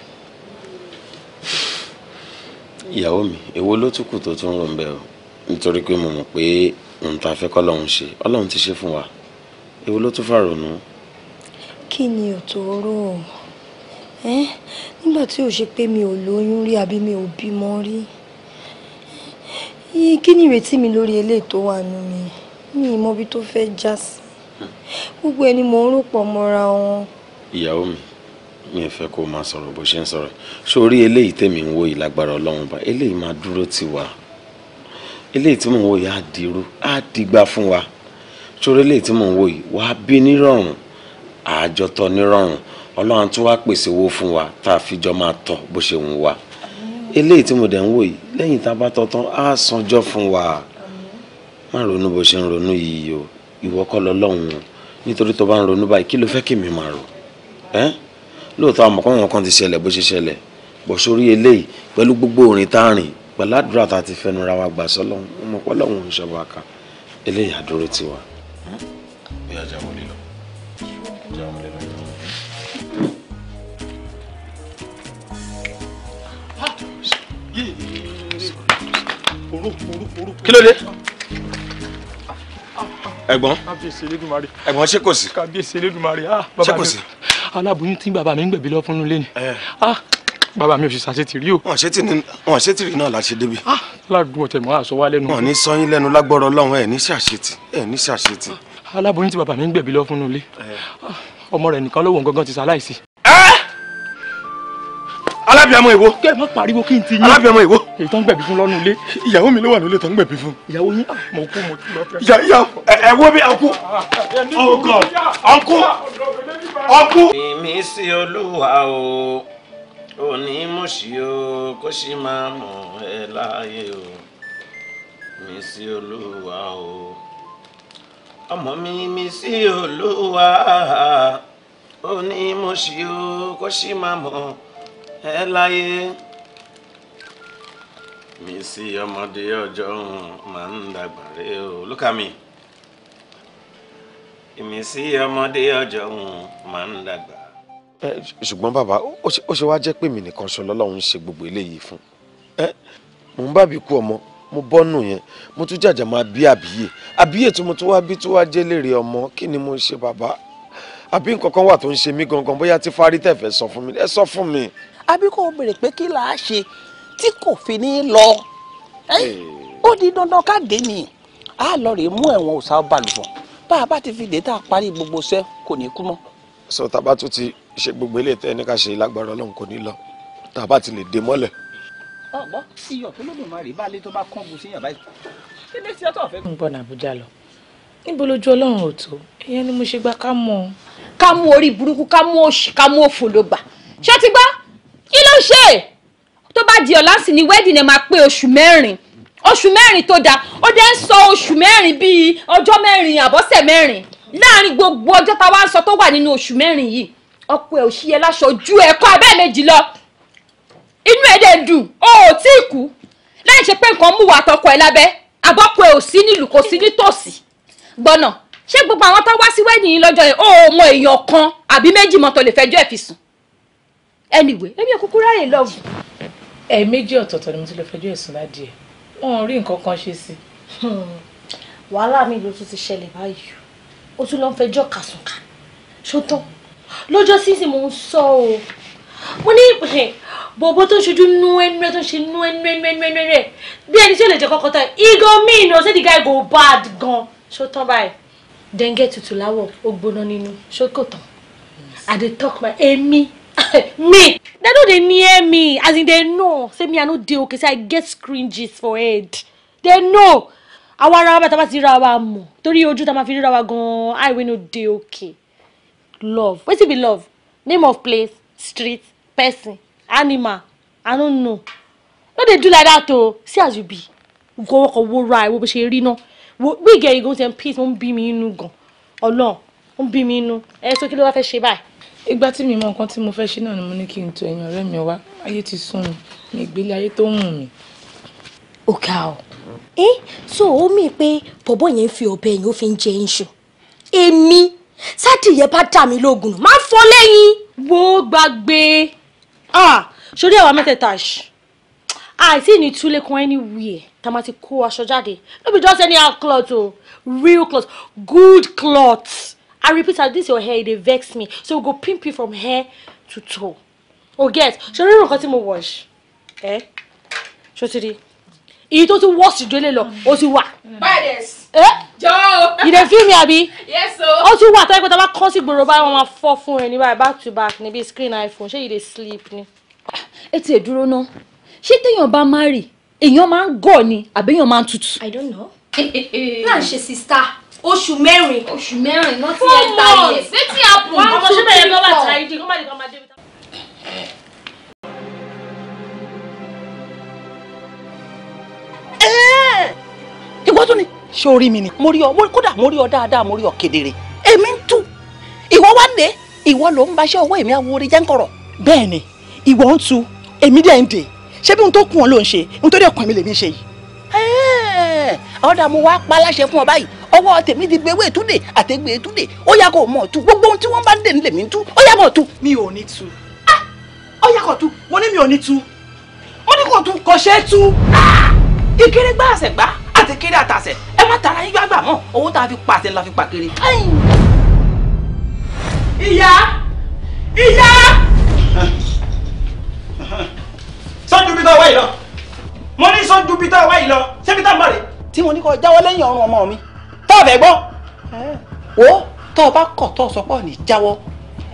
ìyàwó mi èwo ló tún kù tó tún rò ń bẹ o nítorí pé mo mọ̀ pé ohun tá a fẹ́ kọ́ lọ́hún ṣe ọlọ́run ti ṣe fún wa èwo ló tún fàrònú. No? kí ni òtòòrò ẹ́ nígbà tí ò ṣe pé mi ò lóyún rí àbí mi ò bímọ rí kí ni ìrètí mi lórí eléyìí tó wà nù mí mi ì mọbi tó fẹ́ já sí gbogbo ẹni mò ń rò pọ̀ mọ́ra wọn. ìyàwó mi mi ò fẹ́ kó máa sọ̀rọ̀ bó ṣe ń sọ̀rọ̀ sórí eléyìí tèmi ń wo ìlágbára ọlọ́run bá eléyìí máa dúró tì wá eléyìí tí mò ń wo yìí á dirú á digbá fún wa sórí eléyìí tí mò ń wo yìí wàá bí nírọ̀rùn àjọtọ nírọ̀rùn ọlọ́run tún wá pèsè owó fún wa tá a fi jọ máa tọ̀ bó ṣe wù wá eléyìí tí mo dẹ̀ ń wò yìí lẹ́yìn tá a bá tọ́tán á sanjọ́ fún wa má ronú bó ṣe ń ronú yìí o ìwọ kọ́ lọ́lọ́run o nítorí tó bá ń ronú báyìí kí ló fẹ́ kí mi máa rò ẹ́ lóòótọ́ àmọ́ kọ́ wọn kan ti ṣẹlẹ̀ bó ṣe ṣẹlẹ̀ bọ̀ sórí eléyìí pẹ̀lú gbogbo orin tá a rìn pẹ̀lú tá a ti fẹnu wa gbà sọ́lọ́run ọmọ pọ́lọ́run ń ṣọba ká eléyìí àdúró tiwa bí ajá wọlé lọ jẹun lẹ́nu ìlú. kí ló dé ẹ̀gbọ́n ẹ̀gbọ́n ṣé kò sí. kábíyèsí elédùnmarè ah bàbá mi ṣé kò sí. aláboyún tí bàbá mi ń gbẹ̀bí lọ fún un lé ni eh. ah bàbá mi ò sì ṣàṣetì rí o. wọn ṣètì rí náà láṣẹ débi. Ah, ládùúgbò tẹ̀mọ́ àṣọ wa lẹ́nu. wọn ní sọyún lẹ́nu lágbọ́rọ̀ eh, ni ní ṣàṣetì ẹ̀ aláboyún tí bàbá mi ń gbẹ̀bí lọ fún un lé eh. ọmọ rẹ̀ nìkan lówó gangan ti ṣaláìsí. Eh? alábìàmọ èwo. kẹ́ ẹ má pariwo kí n ti yín. alábìàmọ èwo. èyí tó ń gbẹ̀bí fún lọ́nu ilé. ìyàwó mi ló wà nílé tó ń gbẹ̀bí fún. ìyàwó yín mo kú mo tún lọ fẹ́. ìyá ẹ wo bí ọkú oh ọkú ọkú ọkú. èmi sí olúwa o òní mo ṣí o kó ṣì máa mọ̀ ẹ́ láàyè o mi sí olúwa o ọmọ mi mi sí olúwa ó ní mo ṣì ó kó ṣì máa mọ̀ ẹ láyé mi sí ọmọdé ọjọ́ máa ń dàgbà rẹ o look at me sí ọmọdé ọjọ́ máa ń dàgbà. ẹ ṣùgbọ́n bàbá ó ṣe wá jẹ́ pé mi nìkan ṣọlọ́lọ́run ṣe gbogbo eléyìí fún ẹ mò ń bàbí kú ọmọ mo bọ́nù yẹn mo tún jàjà máa bí àbíyè àbíyè tí mo tún wá bí tó wá jẹ́ lèrè ọmọ kí ni mo ṣe bàbá àbí nǹkan kan wà tó ń ṣe mí gangan bóyá tí fárí tẹ̀fẹ̀ sọ fún mi ẹ sọ fún mi. àbí kò béèrè pé kí là á ṣe tí kò fi ní lọ eh. ó di dandan ká dé ni a lọ rè mú ẹ̀wọ̀n òòsà balùwọ̀n bá a bá ti fi dé a parí gbogbo iṣẹ́ kò ní kú mọ́. sọ tá a bá tún ti ṣe gbogbo ilé tẹ́ ẹ ní ká ṣe lágbára Ọlọ́run kò ní lọ tá a bá ti lè dé mọ́lẹ̀ ọgbọ iyọ tó lódò máa rè bá lé tó bá kángun sí yàrá ìkú kí lè ti ọtọ ọfẹ. mo ń bọ̀ ní Àbújá lọ níbo lójú Ọlọ́run ò tó ìyẹn ni mo ṣe gbà ká mú un. ká mú orí burúkú ká mú òṣì ká mú òfò ló gbà ṣé ti gbọ́ kí ló ṣe tó bá di ọ̀la sí ni wedding ẹ̀ máa pé oṣù mẹ́rin oṣù mẹ́rin tó dáa ó dẹ́ ń sọ oṣù mẹ́rin bíi ọjọ́ mẹ́rin àbọ̀sẹ̀ mẹ́rin láàrin gbogbo ọjọ́ tá a wá ń sọ tó wà nínú oṣù mẹ́rin yìí ọ̀pọ̀ ẹ̀ láṣọ ju ẹ̀kọ́ abẹ́ méjì lọ inú ẹ̀ dẹ̀ dùn o ò tí ì kú láì ṣe pé nǹkan mú wa tọkọ ẹ lábẹ́ àbọ̀pọ̀ ẹ ò sí nílùú kò sí nítòsí gbọ́nà ṣé gbogbo àwọn tó wá sí wẹ́ẹ̀nì yìí lọ́jọ́ yẹn o ò mọ èèyàn kan àbí méjì mọ́tò lè fẹjọ́ ẹ̀ fi sùn anyway èmi ò kúkú ráyè lọ́ọ̀bù. ẹ méjì ọ̀tọ̀ọ̀tọ̀ ni mo ti lọ fẹjọ́ ẹ̀sùn ládìẹ wọn ò rí nǹkan kan ṣe sí. Hmm. wàhálà mi ló tún ti ṣẹlẹ̀ báyìí o tún lọ fẹjọ́ kàsùnkà ṣó tán lọ́jọ́ sísìn mò ń sọ o mo ní bòbó tó ń ṣojú nú ẹnu rẹ tó ń ṣe nú ẹnu ẹnu ẹnu ẹnu rẹ bí ẹni tí ò lè jẹ kọkọ tán igo mean o say the guy go bad gan ṣó tán báyìí dẹ́ngẹ́ tutù láwọ̀ ó gbóná nínú ṣó kò tán i dey talk my emi me dem no dey near me as in dem know say me i no dey okay say i get scringes for head dem know àwa ara wa bàtà bá ti ra wa mọ̀ torí ojú tá a fi ríra wa gan-an i wey no dey okay love wetin be love name of place street person animal i no know no dey do like that o see as you be go wọkọ wo ra ẹ wo bó ṣe rí náà wo bí ìgẹ̀ ìgò ṣe ń pè é ń bí mi inú gan ọlọ́run ó ń bí mi inú ẹ sọ kí ló wá fẹ́ ṣe báyìí. ìgbà tí mi mọ nǹkan tí mo fẹ́ ṣe náà ni mo ní kí n tọ̀ ẹ̀yìn ọ̀rẹ́ mi wá ayé ti sún mi ìgbélé ayé tó wù mí. ó ga ọ ẹ eh, so ó mì pé bọ̀bọ̀ yẹn fi ọ̀bẹ yẹn ó fi ń jẹ iṣu èmi sádìyẹ bá dà mí lógun má fọ́ lẹ́yìn wo gbàgbé ah sórí àwa mẹ́tẹ̀ẹ̀ta ṣì ah, àìsí ní túlé kan anywhere tá a máa ti kó aṣọ jáde no be just any out cloth o real cloth good cloth i repeat as this your hair e dey vex me so go pimp you from hair to toe o oh, get sori irun kan tí mo wash Eh? ṣó ti rí èyí tó tún wọ́ọ̀sì délé lọ ó ti wà. bades. ẹ jọ o. you dey feel me abi. yes o. ó tún wà tọ́jú pé tá a bá kán sí gbòòrò báyìí wọ́n máa fọ́ fún ẹ ní back to back níbi screen iphone ṣé you dey sleep ni. ẹ tiẹ̀ dúró ná ṣé téèyàn bá má rì èèyàn máa ń gọ̀ ni àbí èèyàn máa ń tutù. i don't know. náà ṣe sista oṣù mẹ́rin. oṣù mẹ́rin náà ti ẹ̀ ta yẹ. four months wetin happen. one two three four. ṣé orí mi ni mo rí ọ kódà mo rí ọ dáadáa mo rí ọ kedere èmi ń tu ìwọ wá lé ìwọ ló ń baṣẹ́ ọwọ́ èmi awo orí jẹ́ńkọ̀rọ̀. bẹ́ẹ̀ ni ìwọ ń tu èmi dẹ̀ ń dè ṣé bí n tó kún ọ ló ń ṣe n tó dẹ̀ kún mi lèmi ṣe yìí. ọ̀dà mo wá pa aláṣẹ fún ọ báyìí ọwọ́ tèmi ti gbéwé túnde àtẹ̀gbé túnde ó yá kó mọ̀ tu gbogbo ohun tí wọ́n bá ń dè ní lèmi ń tu ó yá mọ̀ tu. mi ò ní tu ah! ó yá kó tu mo ní mi ò ní tu mo ní kó tu kò ṣeé tu ah! ìkéré gbá àṣẹ gbá àti kéré àtàsẹ̀ ẹ má tara yín gbàgbà mọ́ owó tá a fi pa àti ńlá fi pa kéré. ìyá ìyá. sọ́jú bí tá a wá yìí lọ mo ní sọ́jú bí tá a wá yìí lọ ṣé bí tá a mọ̀ rè. tí mo ní kó jáwọ́ lẹ́yìn ọrùn ọmọ mi tó o fẹ́ gbọ́ wo tó o bá kọ̀ tó o sọ pé ò jáwọ́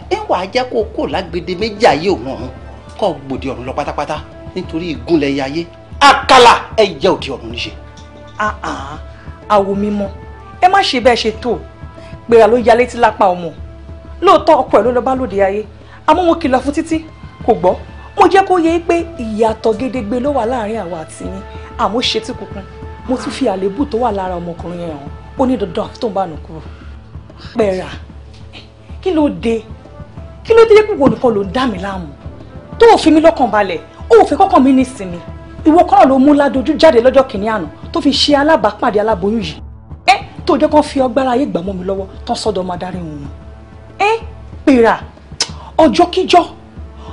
ẹ wàá jẹ́ kó o kó lágbede méjì ayé òun ọ̀hún kọ́ gbòdì ọ̀run lọ pátápátá nítorí ìgúnlẹ̀ ayé àkàlà ẹ̀yẹ òde ọ̀run níṣe àwo mímọ́ ẹ má ṣe bẹ́ẹ̀ ṣe tó pera ló ya létí lápá ọmọ lóòótọ́ ọkọ ẹ̀ ló lọ bá lóde ayé àmọ́ mo kìlọ̀ fún títí kò gbọ́ mo jẹ́ kó yé pé ìyàtọ̀ gédégbé ló wà láàrin àwa àti yín àmọ́ ṣe tí kúkún mo tún fi àléébù tó wà lára ọmọkùnrin yẹn hàn ó ní dandan tó ń bá nù kúrò pẹ̀rà kí ló dé kí ló dé pé wo nìkan ló ń dá mi láàmú tó ò fi mí lọ́kàn balẹ̀ ó ò fi kọ́kàn mi nísìnyí ìwọ kọ́rọ̀ ló mú ládójú jáde lọ́jọ́ kìnínní àná tó fi ṣe alábàápàdé aláboyún yìí ẹ tó jẹ́ kán fi ọgbára ayé gbà mọ́ mi lọ́wọ́ tán sọ́dọ̀ ọmọ adarí wọn ẹ pèrà ọjọ́ kíjọ́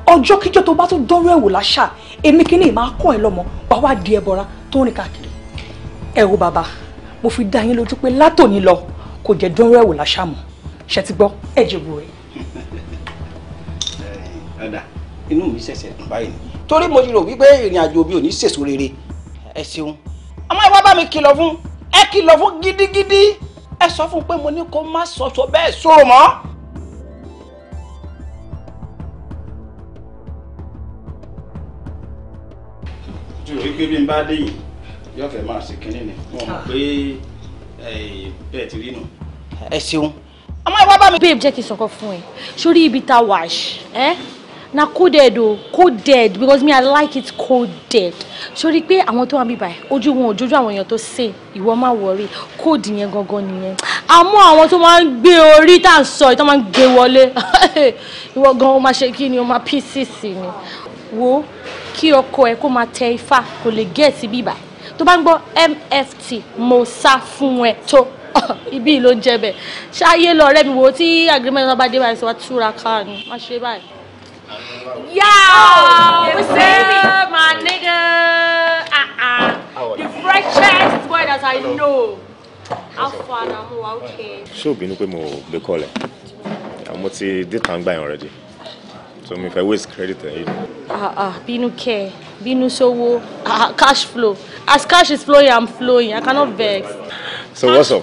ọjọ́ kíjọ́ tó bá tún dọ́rọ́ ẹ̀wò láṣà èmi kí ni ìmọ̀ akọ́ ẹ lọ́mọ wá wá di ẹbọra tó rìn káàkiri ẹ wo bàbá mo fi dá yín lójú pé látòní lọ kò jẹ́ dọ́rọ́ ẹ̀wò láṣà mọ́ ṣe ti gbọ́ ẹ jèbù rẹ. ọ̀dà inú mi ṣẹ̀ṣẹ̀ dùn báyìí torí mo ti rò wípé ìrìn àjò mi ò ní sèso ẹ ṣeun ọmọ ìwà bá mi kìlọ̀ fún ẹ kìlọ̀ fún gidigidi ẹ sọ fún pé mo ní kó má sọ̀tọ̀ bẹ́ẹ̀ sọ̀rọ̀ mọ́. ju wípé bí n bá dé yìí yóò fẹ́ máa ṣe kínní ni mo mọ̀ pé bẹ́ẹ̀ ti rí nù. ẹ ṣeun ọmọ ìwà bá mi. babe jẹ́ kí n sọ̀kọ fún ẹ sórí ibi tá a wà na coded o coded because me i like it coded sori pé àwọn tó wà mí báyìí ojú wọn òjòjú àwọn èèyàn tó ṣe ìwọ má wọrí kóòdù yẹn gangan nìyẹn àmọ́ àwọn tó máa ń gbé orí tá à ń sọ ìtọ́ máa ń gan o máa ṣe kí ni o máa pcc ni wo kí ọkọ ẹ kó máa tẹ ifá kò lè gẹ̀ẹ́sì bíbà tó bá ń gbọ́ mft mo sá fún ẹ tó ibi ló ń jẹ bẹ́ẹ̀ ṣáyé lọ mi wo tí agreement bá dé báyìí sọ wá túra káà ni má ṣe báyìí. Yo, oh, what's up, my nigga? Uh-uh. The freshest boy that I know. How far now? I'm okay. Ṣé o no pé mo gbé call ẹ? Ah, mo ti dé already. So if I waste credit ẹ̀ yìí. Ah ah, bínú kẹ́, bínú show. Ah, ah cash flow. As cash is flowing, I'm flowing. I cannot vex so what's up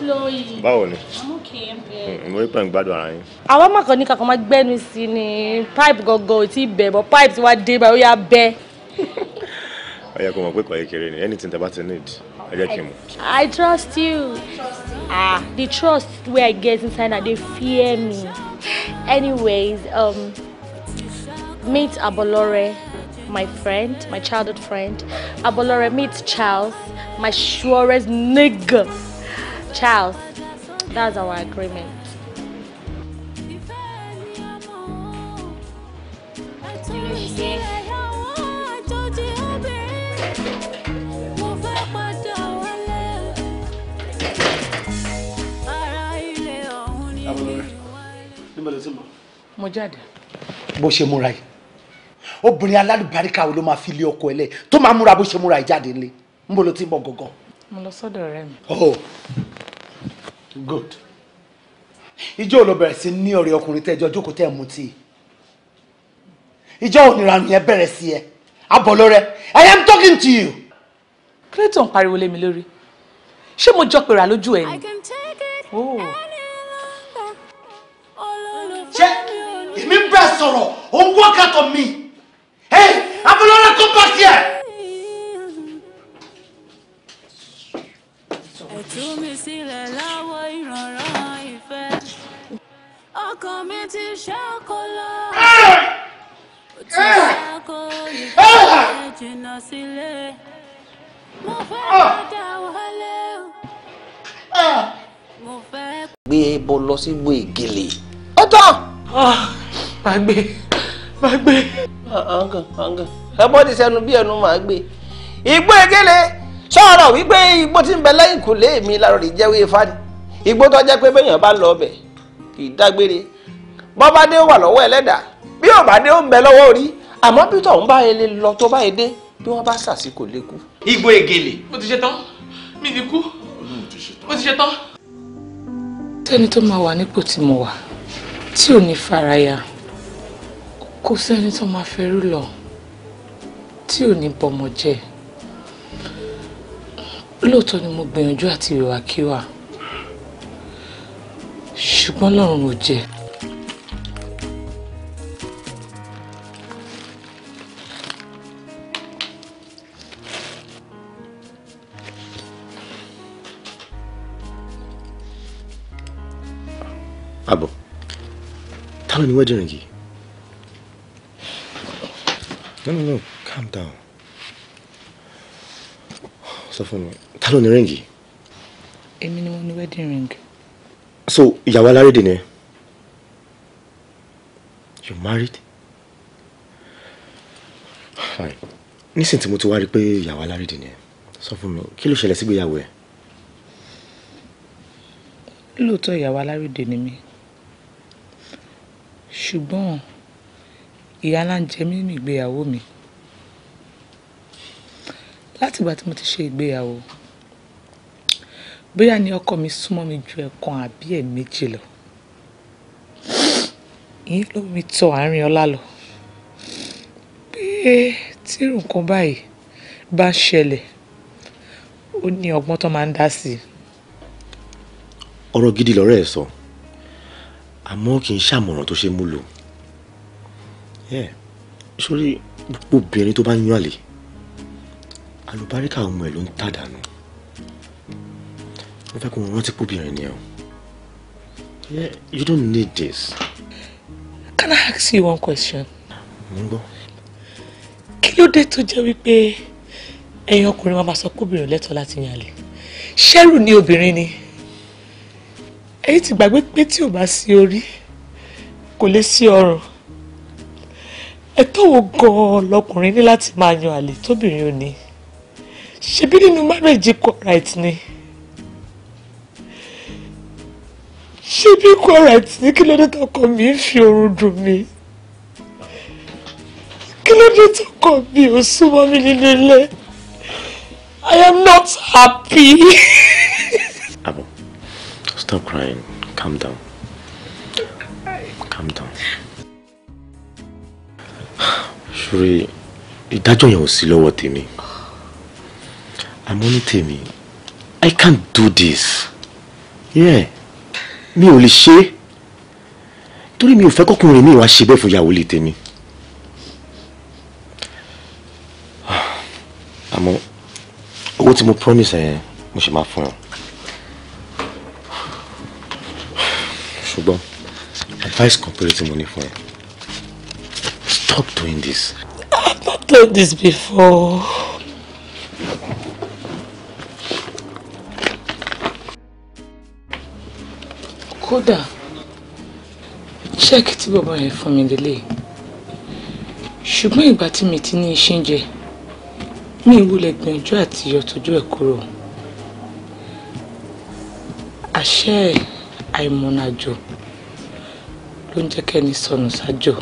báwo ni hmm, mo rí pẹ̀ ń gbádùn ara yín. àwọn mọ̀kàn ní kankan máa gbẹ́nu sí ni pipe gọ́gọ́ ò tí ì bẹ̀ bọ́ pipe tí wàá dé báyìí ó yà bẹ́. ó yẹ kó mọ̀ pé kọ̀ kékeré ni anything tẹ́ bá ti need ẹ jẹ́ kí n mọ̀. I trust you ah the trust wey I get inside na dey fear me anyways um, meet Abolore my friend my childhood friend Abolore meet Charles my surest nigga. Charles, that's our agreement. mo jáde. bó ṣe múra yìí obìnrin alálùbáríkà wo ló máa fi lé ọkọ ẹ lẹ tó máa múra bó ṣe múra yìí jáde nílé ń bolo tí bọ gọgàn mo lọ sọ́dọ̀ ọ̀rẹ́ mi. oh good ìjọ́ ló bẹ̀rẹ̀ sí ní ọ̀rẹ́ ọkùnrin tẹ́ ẹjọ́ jókòó tẹ́ ẹ̀ mutí ìjọ́ òníranù yẹn bẹ̀rẹ̀ sí ẹ abọ̀ lórẹ́ I am talking to you. clayton pariwo lé mi lórí ṣé mo jọ pèrà lójú ẹ ni. Oh. ṣé èmi ń bẹ sọ̀rọ̀ òun wọ́n kàtọ̀ mi. hey abọ́lọ́rẹ́ come back here. ẹ̀tú mi sílẹ̀ láwọ̀ ìrànràn ìfẹ́ ọkàn mi ti ṣáko lọ ó ti ṣáko ìfẹ́ jìnnà sílé mo fẹ́ ah! dá wọlé ah! mo fẹ́. gbé bó lọ sí gbó ìgèlè ó tán. Ah! má gbé má gbé. ọ̀ǹgàn ọ̀ǹgàn ẹ bọ́ ti sẹ́nu bí ẹnu máa gbé igbó ìgèlè sọ̀rọ̀ wípé igbó tí ń bẹ lẹ́yìn kùlé mi láròrì jẹ́wé ifá ni igbó tó jẹ́ pé bẹ́yàn bá lọ ọbẹ̀ kì í dágbére bọ́bá dé ó wà lọ́wọ́ ẹlẹ́dàá bí ò bá dé ó ń bẹ lọ́wọ́ orí àmọ́ bí tọ̀hún bá ele lọ tó bá edé bí wọ́n bá sàsí kò lè kú. igbó egele. mo ti ṣe tán mi ní kú mo ti ṣe tán. sẹ́ni tó máa wà nípò tí mo wà tí ò ní faraya kò sẹ́ni tó máa fẹ́rú lọ tí ò ní bọmọ jẹ́ lóòótọ́ ni mo gbìyànjú àti ìwà kíwà ṣùgbọ́n lọ́run ò jẹ́ Abo, ta ló ni wẹ́dìrín yìí? No, no, no, calm down sọ fún mi ta ló ní ríǹgì. èmi ni mo ní wedding ring. so ìyàwó alárédè ni you married. fine nísìnyí tí mo ti wá rí i pé ìyàwó alárédè ni sọ fún mi kí ló ṣẹlẹ̀ sígbéyàwó ẹ̀. lóòótọ́ ìyàwó alárédè ni mí ṣùgbọ́n ìyà ńlá ń jẹ ìgbéyàwó mi láti ìgbà tí mo ti ṣe ìgbéyàwó bóyá ni ọkọ mi súnmọ́ mi ju ẹ̀kan àbí ẹ̀ẹ̀mejì lọ ìyẹn ló mi tọ àárín ọlá lọ pé tírù nǹkan báyìí bá ṣẹlẹ̀ ó ní ọgbọ́n tó máa ń dá sí i. ọ̀rọ̀ gidi lọ́rọ̀ ẹ̀ sọ àmọ́ kì í ṣàmọ̀ràn tó ṣe mú lò sórí gbogbo obìnrin tó bá ń yan àlè alùbáríkà ọmọ ẹ̀ ló ń tàdánù mo fẹ́ kó wọn rántí pòbìnrin ẹ o yeah you don't need this. Can I ask you one question? mo ń gbọ́. kí ló dé tó jẹ́ wípé ẹ̀yin ọkùnrin wa máa sọ pòbìnrin lẹ́tọ̀ọ́ láti yan àlè ṣẹ́rù ni obìnrin ni èyí ti gbàgbé pé tí ò bá sí orí kò lè sí ọrùn ẹ̀tọ́ wo gan-an lọkùnrin ní láti máa yan àlè tóbìnrin ò ní ṣebí nínú marriage equal ni ṣebí equal ni kí ló tọkọ mi fi oorun dùn mí kí ló tọkọ mi ò súnmọ́ mi nínú ilé I am not happy. Abo, stop crying. Calm down. Calm down. Ṣùrẹ́ ìdájọ́ yẹn ò sí lọ́wọ́ tèmi. Oh àmọ́ ní tèmi i can't do this yeah Me ò lè ṣe é torí mi ò fẹ́ kọ́kùnrin mi wá ṣe bẹ́ẹ̀ fún ìyàwó lè tèmi àmọ́ owó tí mo promise ẹ̀ mo ṣe máa fún ọ ṣùgbọ́n advice complete tí mo stop doing this. I've not done this before. kódà ṣẹ́ẹ̀kì tí bàbá yẹn fún mi lélẹ̀ ṣùgbọ́n ìgbà tí mi ti ní iṣẹ́ ń jẹ mi ìwúlẹ̀ gbìyànjú àti ìyọ̀tọ́jú ẹ̀ kúrò àṣẹ àìmọ̀nàjò ló ń jẹ́ kẹ́ni sọnù sájò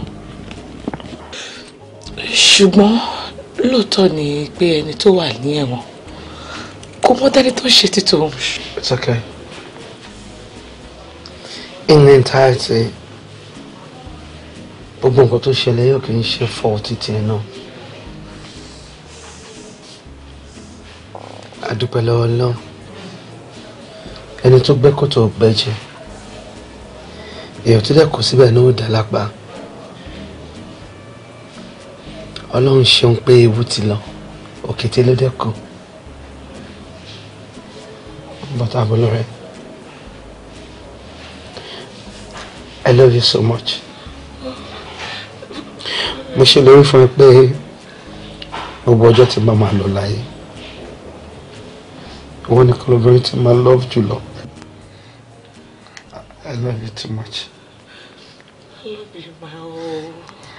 ṣùgbọ́n lóòótọ́ ni pé ẹni tó wà ní ẹ̀wọ̀n kò mọ́ dání tó ń ṣe títò. It's okay in entirety gbogbo nǹkan tó ṣẹlẹ̀ yóò kì í ṣe fọ́ títí ẹ̀ náà àdúpẹ́ lọ́wọ́ náà ẹni tó gbẹ́ kòtò gbẹ́jẹ́ èèyàn tó dẹ̀ kó síbẹ̀ ló dà lápá ọlọ́run ṣeun pé ewu ti lọ òkété ló dẹ̀ kù bọ́tà bọ́lọ́rẹ́. I love you so much. mo ṣèlérí fún ẹ pé gbogbo ọjọ́ tí màá máa lọ láyé ìwọ nìkan lóbìnrin tí màá love jùlọ. I love you too much.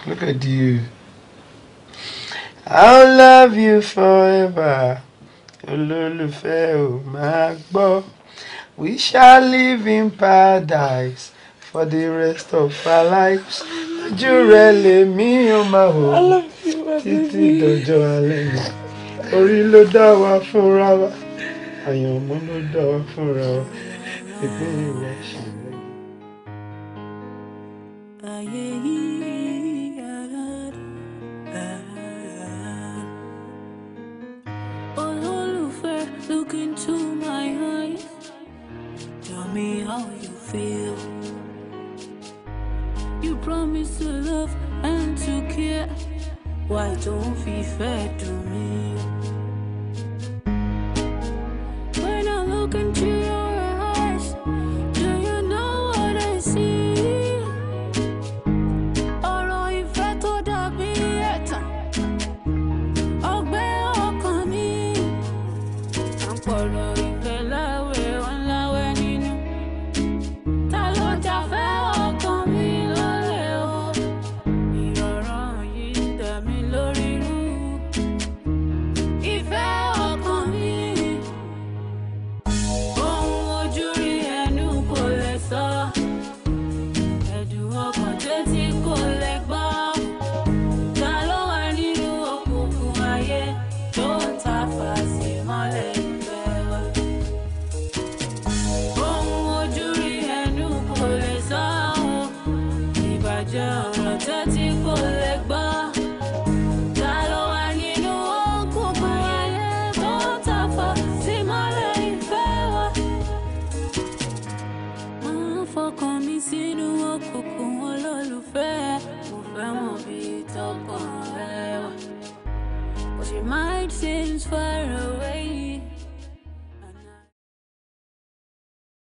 Look at you. I'll love you forever. Olólùfẹ́ ò máa gbọ́. We shall live in paradise for the rest of our lives. Ojú rẹ lèmi ò máa Titi dojo dọjọ́ alẹ́ yìí. Orí ló dá wa fúnra wa, àyànmọ́ ló dá wa fúnra wa, ìgbéyàwó ṣe. Why don't we fair to me?